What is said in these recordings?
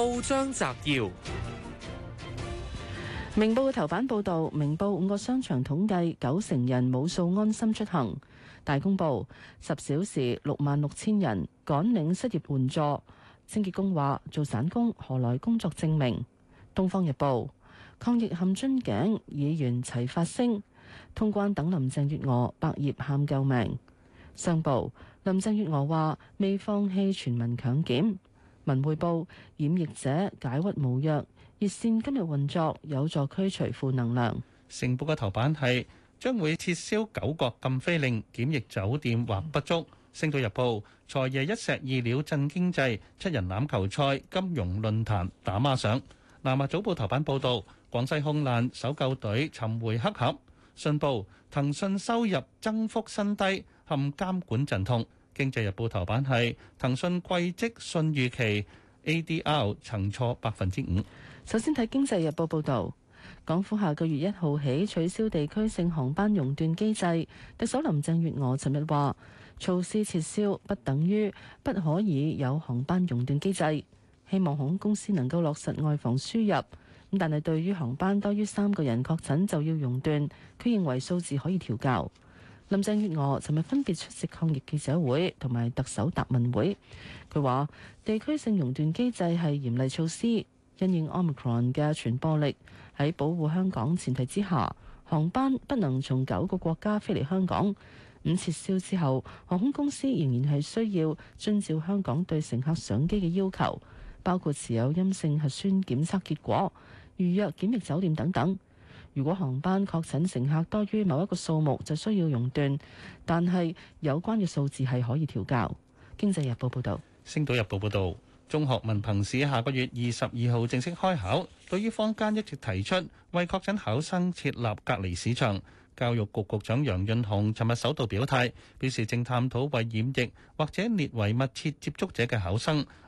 報章摘要：明報嘅頭版報道，明報五個商場統計九成人冇數安心出行。大公報十小時六萬六千人趕領失業援助。清潔工話做散工何來工作證明？東方日報抗疫陷樽頸，議員齊發聲。通關等林鄭月娥，百業喊救命。商報林鄭月娥話未放棄全民強檢。文匯報：染疫者解鬱無藥，熱線今日運作有助驅除負能量。成報嘅頭版係將會撤銷九國禁飛令，檢疫酒店或不足。星島日報：財爺一石二鳥震經濟，七人欖球賽、金融論壇打孖上。南華早報頭版報導：廣西空難搜救隊尋回黑盒。信報：騰訊收入增幅新低，陷監管陣痛。經濟日報頭版係騰訊季績遜預期 ADR 曾挫百分之五。首先睇經濟日報報導，港府下個月一號起取消地區性航班熔斷機制。特首林鄭月娥尋日話，措施撤銷不等於不可以有航班熔斷機制，希望航空公司能夠落實外防輸入。咁但係對於航班多於三個人確診就要熔斷，佢認為數字可以調校。林鄭月娥尋日分別出席抗疫記者會同埋特首答問會，佢話：地區性熔斷機制係嚴厲措施，因應奧密克戎嘅傳播力，喺保護香港前提之下，航班不能從九個國家飛嚟香港。五、撤銷之後，航空公司仍然係需要遵照香港對乘客上機嘅要求，包括持有陰性核酸檢測結果、預約檢疫酒店等等。如果航班確診乘客多於某一個數目，就需要熔斷。但係有關嘅數字係可以調校。經濟日報報導，星島日報報導，中學文憑試下個月二十二號正式開考。對於坊間一直提出為確診考生設立隔離試場，教育局局長楊潤雄尋日首度表態，表示正探討為染疫或者列為密切接觸者嘅考生。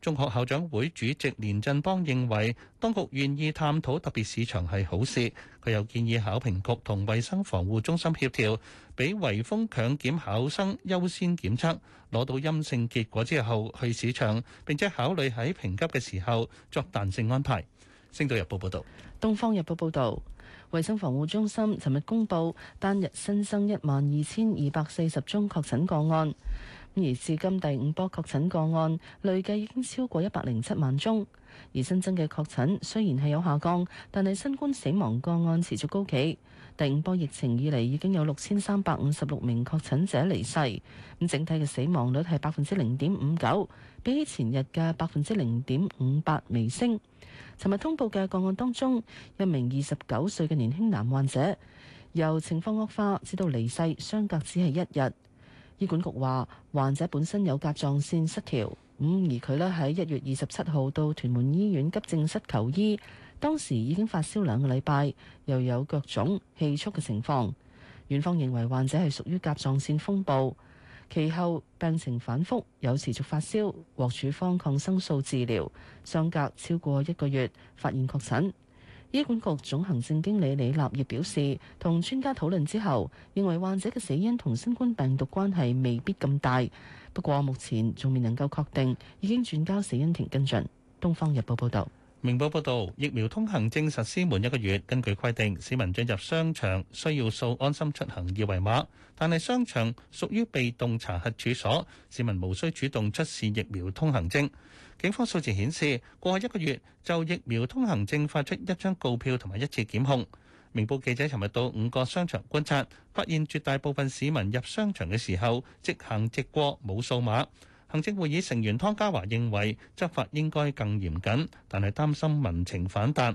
中學校長會主席連振邦認為，當局願意探討特別市場係好事。佢又建議考評局同衞生防護中心協調，俾圍封強檢考生優先檢測，攞到陰性結果之後去市場，並且考慮喺評級嘅時候作彈性安排。星島日報報道：「東方日報報道，衞生防護中心尋日公布單日新增一萬二千二百四十宗確診個案。而至今第五波確診個案累計已經超過一百零七萬宗，而新增嘅確診雖然係有下降，但係新冠死亡個案持續高企。第五波疫情以嚟已經有六千三百五十六名確診者離世，咁整體嘅死亡率係百分之零點五九，比起前日嘅百分之零點五八微升。尋日通報嘅個案當中，一名二十九歲嘅年輕男患者由情況惡化至到離世，相隔只係一日。醫管局話：患者本身有甲狀腺失調，咁、嗯、而佢呢喺一月二十七號到屯門醫院急症室求醫，當時已經發燒兩個禮拜，又有腳腫、氣促嘅情況。院方認為患者係屬於甲狀腺風暴，其後病情反覆，有持續發燒，獲處方抗生素治療，相隔超過一個月，發現確診。醫管局總行政經理李立業表示，同專家討論之後，認為患者嘅死因同新冠病毒關係未必咁大，不過目前仲未能夠確定，已經轉交死因庭跟進。東方日報報道，明報報道，疫苗通行證實施滿一個月，根據規定，市民進入商場需要掃安心出行二維碼，但係商場屬於被動查核處所，市民無需主動出示疫苗通行證。警方數字顯示，過去一個月就疫苗通行證發出一張告票同埋一次檢控。明報記者尋日到五個商場觀察，發現絕大部分市民入商場嘅時候直行直過，冇數碼。行政會議成員湯家驊認為，執法應該更嚴謹，但係擔心民情反彈。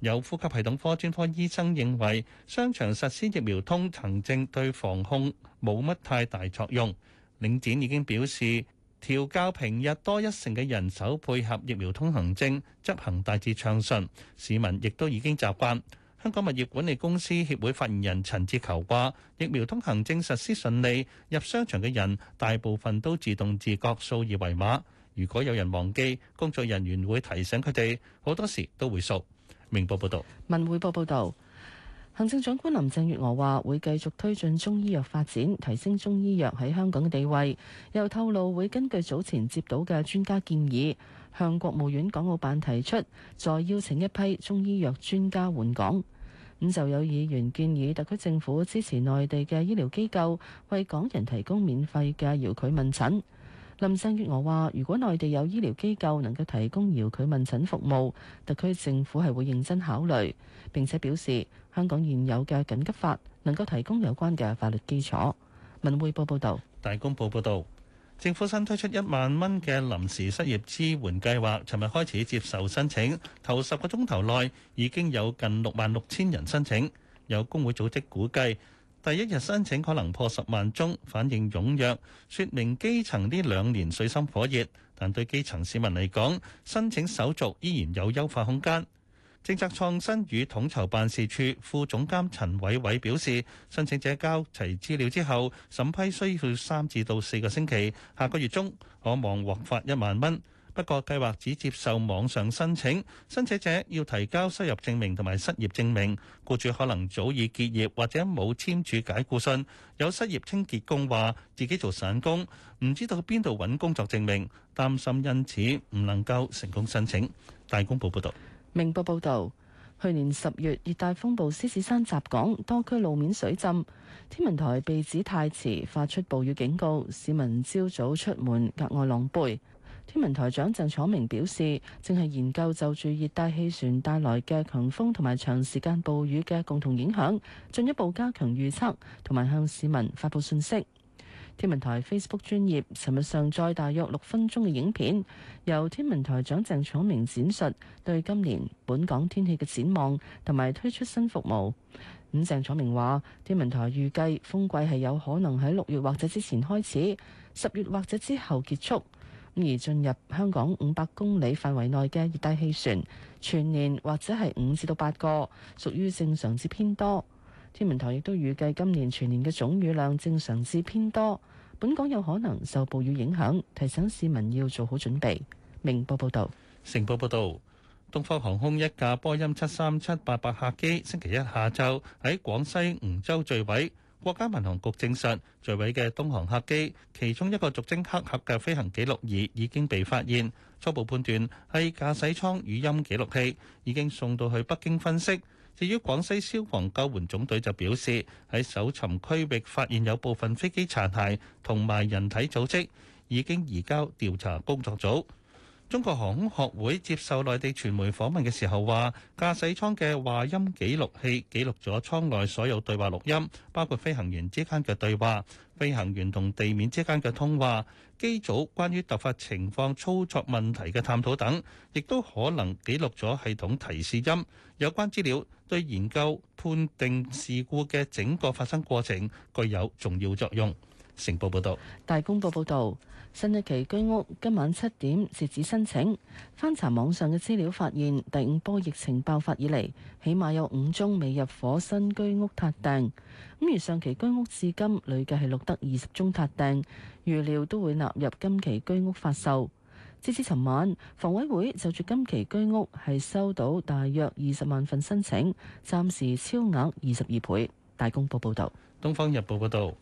有呼吸系統科專科醫生認為，商場實施疫苗通行證對防控冇乜太大作用。領展已經表示，調校平日多一成嘅人手配合，疫苗通行證執行大致暢順，市民亦都已經習慣。香港物業管理公司協會發言人陳志求話，疫苗通行證實施順利，入商場嘅人大部分都自動自覺掃二維碼，如果有人忘記，工作人員會提醒佢哋，好多時都會掃。明報報道，文匯報報道。行政長官林鄭月娥話：會繼續推進中醫藥發展，提升中醫藥喺香港嘅地位。又透露會根據早前接到嘅專家建議，向國務院港澳辦提出再邀請一批中醫藥專家援港。咁就有議員建議特區政府支持內地嘅醫療機構為港人提供免費嘅遙距問診。林鄭月娥話：如果內地有醫療機構能夠提供遙距問診服務，特區政府係會認真考慮。並且表示，香港現有嘅緊急法能夠提供有關嘅法律基礎。文匯報報導，大公報報導，政府新推出一萬蚊嘅臨時失業支援計劃，尋日開始接受申請，頭十個鐘頭內已經有近六萬六千人申請。有工會組織估計，第一日申請可能破十萬宗，反應踴躍，說明基層呢兩年水深火熱。但對基層市民嚟講，申請手續依然有優化空間。政策創新與統籌辦事處副總監陳偉偉表示，申請者交齊資料之後，審批需要三至到四個星期，下個月中可望獲發一萬蚊。不過，計劃只接受網上申請，申請者要提交收入證明同埋失業證明。僱主可能早已結業或者冇簽署解僱信。有失業清潔工話自己做散工，唔知道邊度搵工作證明，擔心因此唔能夠成功申請。大公報報道：「明報報道，去年十月熱帶風暴獅子山襲港，多區路面水浸，天文台被指太遲發出暴雨警告，市民朝早出門格外狼狽。天文台長鄭楚明表示，正係研究就住熱帶氣旋帶來嘅強風同埋長時間暴雨嘅共同影響，進一步加強預測，同埋向市民發布信息。天文台 Facebook 專頁尋日上載大約六分鐘嘅影片，由天文台長鄭楚明展述對今年本港天氣嘅展望，同埋推出新服務。咁、嗯、鄭楚明話，天文台預計風季係有可能喺六月或者之前開始，十月或者之後結束。而進入香港五百公里範圍內嘅熱帶氣旋，全年或者係五至到八個，屬於正常至偏多。天文台亦都預計今年全年嘅總雨量正常至偏多，本港有可能受暴雨影響，提醒市民要做好準備。明報報道。成報報道，東方航空一架波音七三七八八客機星期一下晝喺廣西梧州墜毀。國家民航局證實墜毀嘅東航客機，其中一個俗稱黑盒嘅飛行記錄儀已經被發現，初步判斷係駕駛艙語音記錄器，已經送到去北京分析。至於廣西消防救援總隊就表示，喺搜尋區域發現有部分飛機殘骸同埋人體組織，已經移交調查工作組。中國航空學會接受內地傳媒訪問嘅時候話，駕駛艙嘅話音記錄器記錄咗艙內所有對話錄音，包括飛行員之間嘅對話、飛行員同地面之間嘅通話、機組關於突發情況操作問題嘅探討等，亦都可能記錄咗系統提示音。有關資料對研究判定事故嘅整個發生過程具有重要作用。成報報道：大公報報道，新一期居屋今晚七點截止申請。翻查網上嘅資料，發現第五波疫情爆發以嚟，起碼有五宗未入夥新居屋塌訂。咁而上期居屋至今累計係錄得二十宗塌訂，預料都會納入今期居屋發售。截至尋晚，房委會就住今期居屋係收到大約二十萬份申請，暫時超額二十二倍。大公報報道：《東方日報》報道。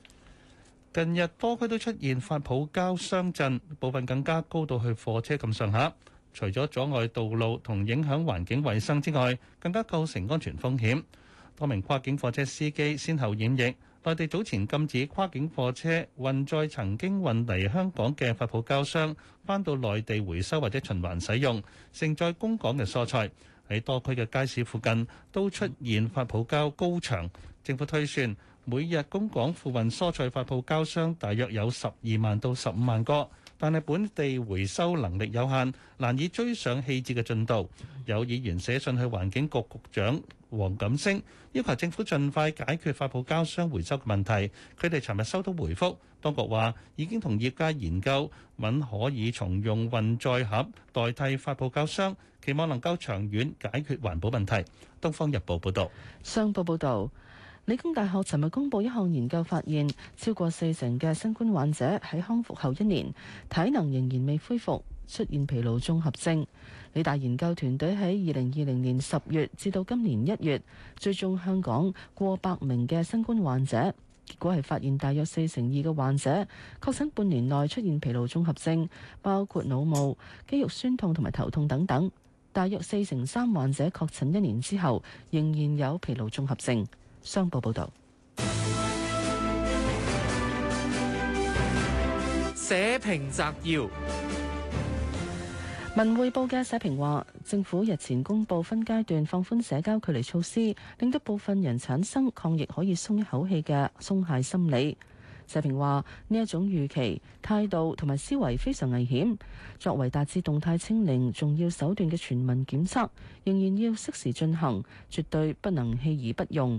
近日多區都出現發泡膠箱陣，部分更加高到去貨車咁上下。除咗阻礙道路同影響環境衛生之外，更加構成安全風險。多名跨境貨車司機先後染疫。內地早前禁止跨境貨車運載曾經運嚟香港嘅發泡膠箱，翻到內地回收或者循環使用。盛載供港嘅蔬菜喺多區嘅街市附近都出現發泡膠高牆。政府推算。每日供港附運蔬菜發泡膠箱大約有十二萬到十五萬個，但係本地回收能力有限，難以追上棄置嘅進度。有議員寫信去環境局局長黃錦星，要求政府盡快解決發泡膠箱回收嘅問題。佢哋尋日收到回覆，當局話已經同業界研究，可唔可以重用運載盒代替，代替發泡膠箱，期望能夠長遠解決環保問題，東方日報報道。商報報道。理工大學尋日公布一項研究，發現超過四成嘅新冠患者喺康復後一年，體能仍然未恢復，出現疲勞綜合症。理大研究團隊喺二零二零年十月至到今年一月，追蹤香港過百名嘅新冠患者，結果係發現大約四成二嘅患者確診半年內出現疲勞綜合症，包括腦霧、肌肉酸痛同埋頭痛等等。大約四成三患者確診一年之後，仍然有疲勞綜合症。商報報導，社評摘要：文匯報嘅社評話，政府日前公布分階段放寬社交距離措施，令得部分人產生抗疫可以鬆一口氣嘅鬆懈心理。社評話呢一種預期態度同埋思維非常危險。作為達至動態清零重要手段嘅全民檢測，仍然要適時進行，絕對不能棄而不用。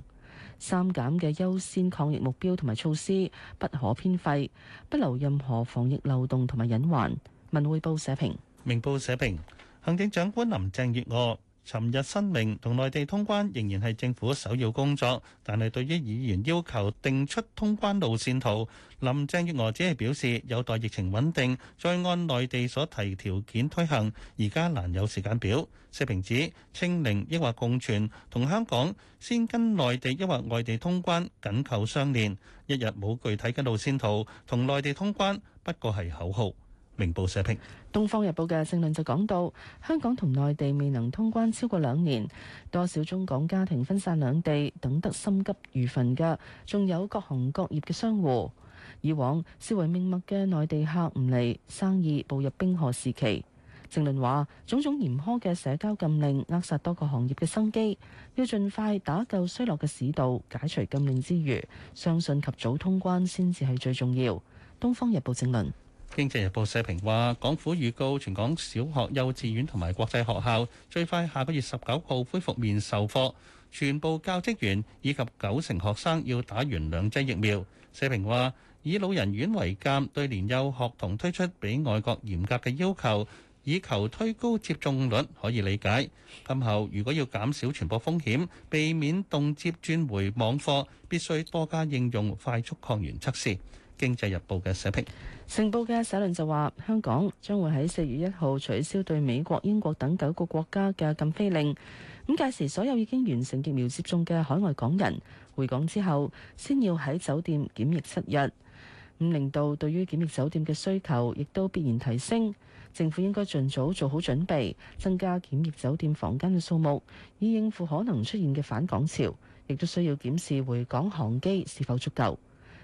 三減嘅優先抗疫目標同埋措施不可偏廢，不留任何防疫漏洞同埋隱患。文匯報社評，明報社評，行政長官林鄭月娥。尋日申明同內地通關仍然係政府首要工作，但係對於議員要求定出通關路線圖，林鄭月娥只係表示有待疫情穩定，再按內地所提條件推行，而家難有時間表。社評指清零抑或共存同香港先跟內地抑或外地通關緊扣相連，一日冇具體嘅路線圖，同內地通關不過係口號。明報社評，《東方日報》嘅正論就講到，香港同內地未能通關超過兩年，多少中港家庭分散兩地，等得心急如焚嘅，仲有各行各業嘅商戶。以往視為命脈嘅內地客唔嚟，生意步入冰河時期。正論話，種種嚴苛嘅社交禁令扼殺多個行業嘅生機，要盡快打救衰落嘅市道，解除禁令之餘，相信及早通關先至係最重要。《東方日報》正論。經濟日報社評話，港府預告全港小學、幼稚園同埋國際學校最快下個月十九號恢復面授課，全部教職員以及九成學生要打完兩劑疫苗。社評話，以老人院為鑑，對年幼學童推出比外國嚴格嘅要求，以求推高接種率，可以理解。今後如果要減少傳播風險，避免動輒轉回網課，必須多加應用快速抗原測試。《經濟日報》嘅社評，成報嘅社論就話：香港將會喺四月一號取消對美國、英國等九個國家嘅禁飛令。咁屆時，所有已經完成疫苗接種嘅海外港人回港之後，先要喺酒店檢疫七日。咁令到對於檢疫酒店嘅需求，亦都必然提升。政府應該盡早做好準備，增加檢疫酒店房間嘅數目，以應付可能出現嘅返港潮。亦都需要檢視回港航機是否足夠。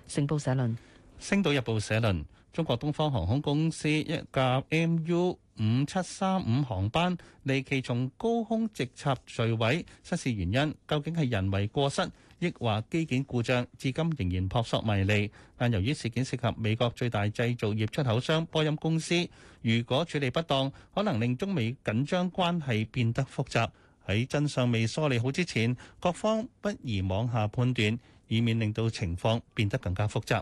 成報社論。星島日報社論：中國東方航空公司一架 MU 五七三五航班離奇從高空直插墜毀，失事原因究竟係人為過失，抑或機件故障，至今仍然撲朔迷離。但由於事件涉及美國最大製造業出口商波音公司，如果處理不當，可能令中美緊張關係變得複雜。喺真相未梳理好之前，各方不宜妄下判斷，以免令到情況變得更加複雜。